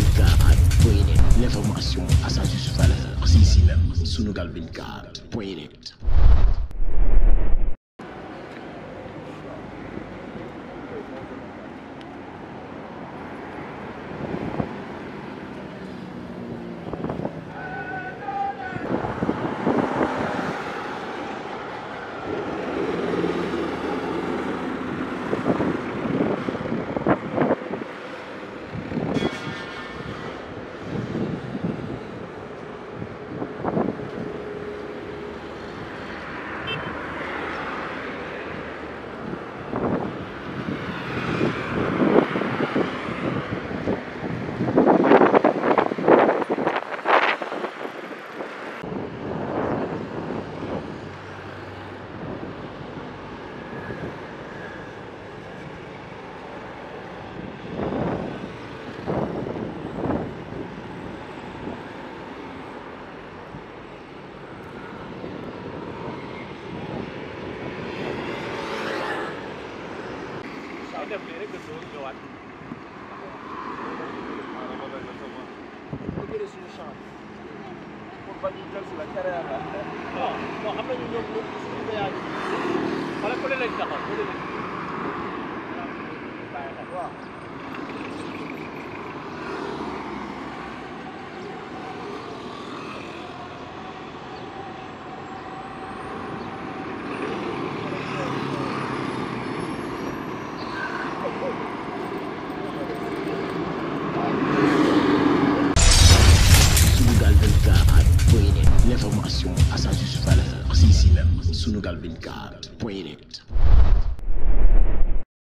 sunugal24.net l'information à sa juste valeur si si même sunugal24.net def nii rek dëgg ñëwaat. waaw jëlee suñu chance. pour bañ ñu jël si la carrière la. non non xam nañu ñoom ñoom suñu voyage bi. wala ku ne lañ taxaw ku ne lañ. waaw. sunugal24 point net